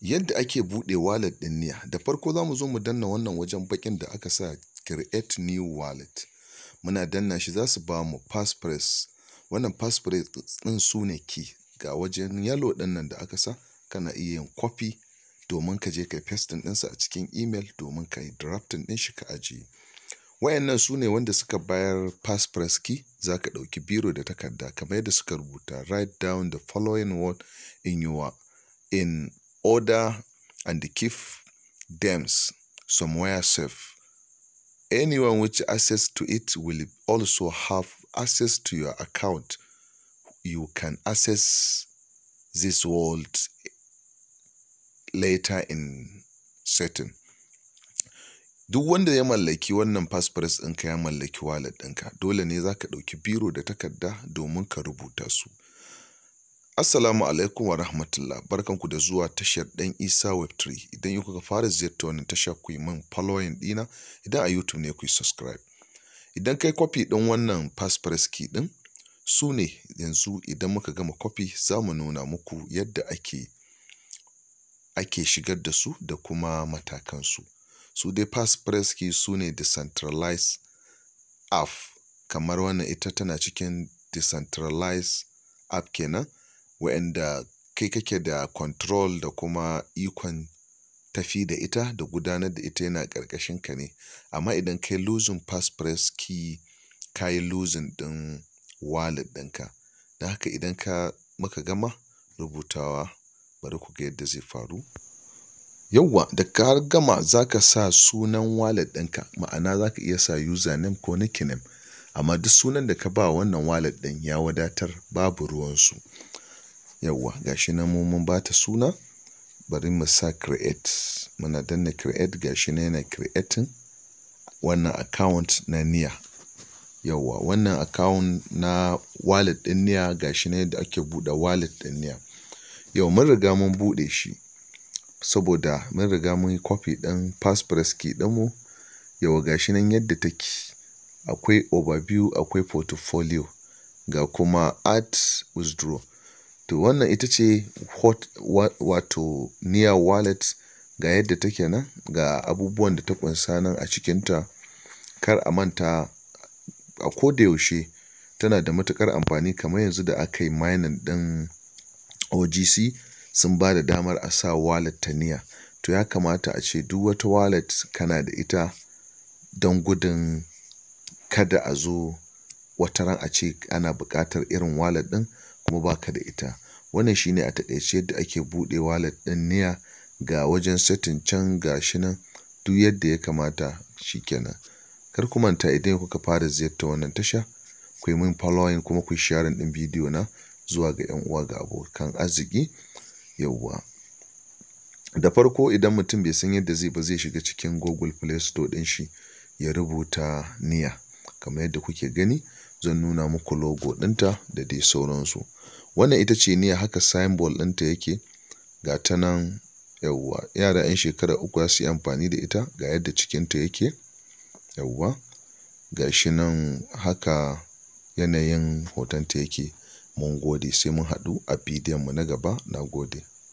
Yadda ake buɗe wallet ɗin niya Da farko za mu zo mu danna wannan wajen bakin da aka sa create new wallet. Muna danna shi za su ba mu passphrase. Wannan passphrase ɗin su ne key. Ga wajen yalo ɗin nan da aka sa kana iya yin copy domin ka je ka pasting ɗinsa a cikin email domin ka yi drafting ɗin shi ka ajiye. Wayannan su ne wanda suka bayar passphrase key za ka ɗauki biro da takarda kamar yadda suka rubuta write down the following word in your in order and keep them somewhere safe. Anyone with access to it will also have access to your account. You can access this world later in certain. Duk wanda ya mallaki wannan passphrase ɗinka ya mallaki wallet ɗinka, dole ne za ka ɗauki biro da takarda domin ka rubuta su. Assalamu alaikum wa rahmatullah barkanku da zuwa tashar ɗan Isa Web3 idan yi kuka fara ziyarta wannan tashar ku yi man following ɗina idan a YouTube ne ku yi subscribe idan kai copy ɗin wannan passpress key ɗin su ne yanzu idan muka gama copy za mu nuna muku yadda ake ake shigar da su da kuma matakansu su dai passpress key su ne decentralized app kamar wannan ita tana cikin decentralized app kenan waɗanda kai kake da control da kuma ikon tafi da ita da gudanar da ita yana ƙarƙashin ka ne. Amma idan kai losing press key ka yi losing ɗin wallet ɗinka. Don haka idan ka muka gama rubutawa bari ku ga yadda zai faru. yawwa da ka gama za ka sa sunan wallet ɗinka ma'ana za ka iya sa username ko nickname. Amma duk sunan da ka ba wannan wallet ɗin ya wadatar babu ruwansu. yawwa gashi nan mu mun bata suna bari mu sa create muna danna create gashi nan yana creating wannan account na niya yawwa wannan account na wallet din niya gashi nan yadda ake buɗe wallet ɗin niya yau mun riga mun buɗe shi saboda mun riga mun yi copy ɗin passphrase key ɗinmu yau gashi nan yadda take akwai overview akwai portfolio ga kuma add withdraw To wannan ita ce hot wato near wallet ga yadda take nan, ga abubuwan da ta kunsa nan a cikinta. Kar a manta a ko da yaushe tana da matukar amfani kamar yanzu da aka yi mining ɗin OGC sun ba da damar a sa wallet ta niya To ya kamata a ce duk wata wallet kana da ita don gudun kada a zo wata wataran ce ana bukatar irin wallet ɗin. kuma ba ka da ita. Wannan shine a taƙaice yadda ake buɗe wallet ɗin Niya ga wajen setin can gashi nan duk yadda ya kamata shi kenan. Kar ku manta idan kuka fara ziyartar wannan tasha ku yi min following kuma ku yi sharing ɗin bidiyo na zuwa ga 'yan uwa ga abokan arziki yauwa. Da farko idan mutum bai san yadda zai ba zai shiga cikin Google Play Store ɗin shi ya rubuta Niya kamar yadda kuke gani. zan nuna muku logo ɗinta da dai sauransu. Wannan ita ce niyya haka signboard ɗinta yake ga ta nan yauwa. Yara 'yan shekara uku ya su yi amfani da ita ga yadda cikinta yake yauwa. Ga shi nan haka yanayin hotonta yake. Mun gode sai mun haɗu a bidiyon mu na gaba. Na gode.